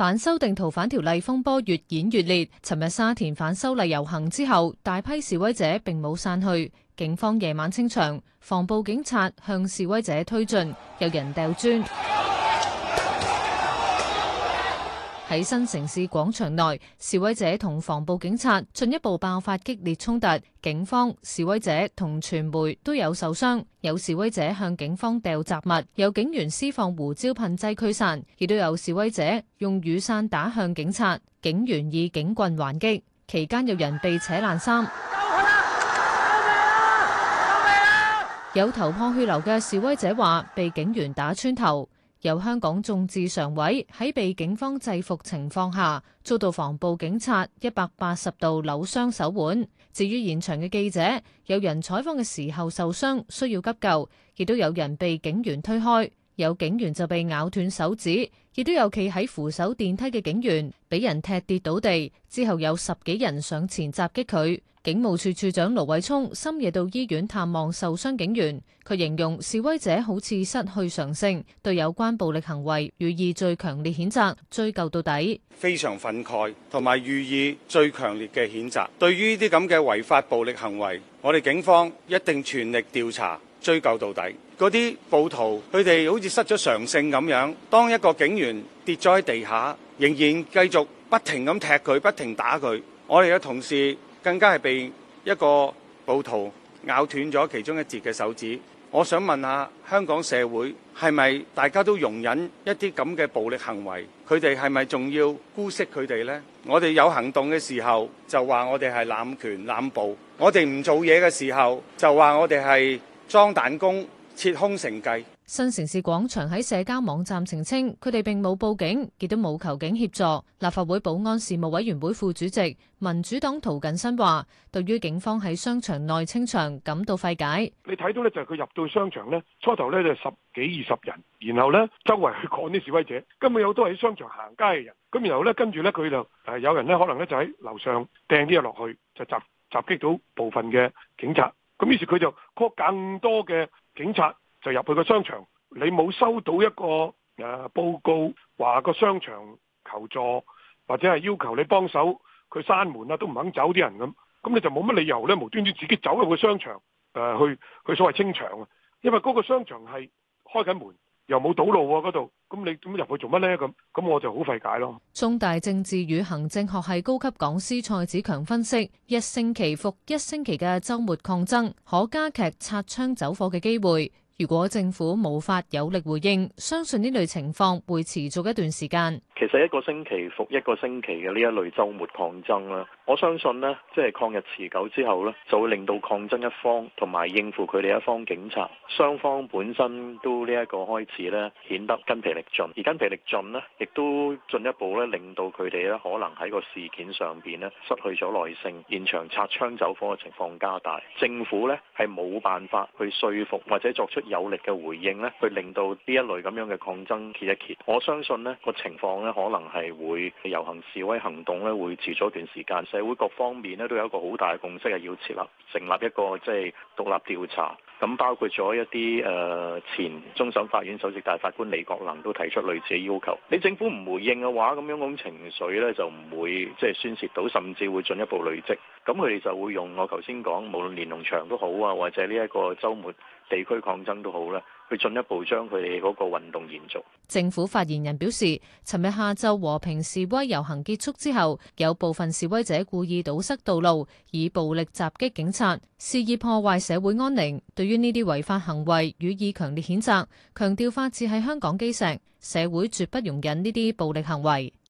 反修訂逃犯條例風波越演越烈，尋日沙田反修例遊行之後，大批示威者並冇散去，警方夜晚清場，防暴警察向示威者推進，有人掟磚。喺新城市廣場內，示威者同防暴警察進一步爆發激烈衝突，警方、示威者同傳媒都有受傷。有示威者向警方掉雜物，有警員施放胡椒噴劑驅散，亦都有示威者用雨傘打向警察，警員以警棍還擊。期間有人被扯爛衫，啊啊啊、有頭破血流嘅示威者話：被警員打穿頭。由香港眾志常委喺被警方制服情況下，遭到防暴警察一百八十度扭傷手腕。至於現場嘅記者，有人採訪嘅時候受傷需要急救，亦都有人被警員推開。有警員就被咬斷手指，亦都有企喺扶手電梯嘅警員俾人踢跌倒地，之後有十幾人上前襲擊佢。警務處處長盧偉聰深夜到醫院探望受傷警員，佢形容示威者好似失去常性，對有關暴力行為予以最強烈譴責，追究到底。非常憤慨，同埋予以最強烈嘅譴責，對於呢啲咁嘅違法暴力行為，我哋警方一定全力調查。追究到底嗰啲暴徒，佢哋好似失咗常性咁樣。當一個警員跌咗喺地下，仍然繼續不停咁踢佢，不停打佢。我哋嘅同事更加係被一個暴徒咬斷咗其中一節嘅手指。我想問下香港社會係咪大家都容忍一啲咁嘅暴力行為？佢哋係咪仲要姑息佢哋咧？我哋有行動嘅時候就話我哋係濫權濫暴；我哋唔做嘢嘅時候就話我哋係。裝彈弓、設空城計。新城市廣場喺社交網站澄清，佢哋並冇報警，亦都冇求警協助。立法會保安事務委員會副主席、民主黨涂謹申話，對於警方喺商場內清場感到費解。你睇到咧，就係佢入到商場咧，初頭咧就十幾二十人，然後咧周圍去趕啲示威者，根本有好多喺商場行街嘅人，咁然後咧跟住咧佢就誒有人咧可能咧就喺樓上掟啲嘢落去，就襲襲擊到部分嘅警察。咁於是佢就 call 更多嘅警察就入去個商場，你冇收到一個誒、呃、報告話個商場求助或者係要求你幫手，佢閂門啦都唔肯走啲人咁，咁你就冇乜理由呢，無端端自己走入個商場誒、呃、去佢所謂清場啊，因為嗰個商場係開緊門，又冇堵路嗰、啊、度。咁你咁入去做乜呢？咁咁我就好費解咯。中大政治與行政學系高級講師蔡子強分析，一星期復一星期嘅週末抗爭，可加劇擦槍走火嘅機會。如果政府無法有力回應，相信呢類情況會持續一段時間。其實一個星期復一個星期嘅呢一類週末抗爭啦，我相信呢，即係抗日持久之後呢，就會令到抗爭一方同埋應付佢哋一方警察，雙方本身都呢一個開始呢，顯得筋疲力盡。而筋疲力盡呢，亦都進一步呢，令到佢哋呢可能喺個事件上邊呢，失去咗耐性，現場擦槍走火嘅情況加大，政府呢，係冇辦法去説服或者作出有力嘅回應呢，去令到呢一類咁樣嘅抗爭歇一歇。我相信呢個情況呢，可能係會遊行示威行動咧，會持續一段時間。社會各方面咧，都有一個好大嘅共識，係要設立成立一個即係獨立調查。咁包括咗一啲誒、呃、前終審法院首席大法官李國能都提出類似嘅要求。你政府唔回應嘅話，咁樣咁情緒咧就唔會即係宣洩到，甚至會進一步累積。咁佢哋就會用我頭先講，無論連儂牆都好啊，或者呢一個週末地區抗爭都好咧。去進一步將佢哋嗰個運動延續。政府發言人表示，昨日下晝和平示威遊行結束之後，有部分示威者故意堵塞道路，以暴力襲擊警察，肆意破壞社會安寧。對於呢啲違法行為，予以強烈譴責，強調法治係香港基石，社會絕不容忍呢啲暴力行為。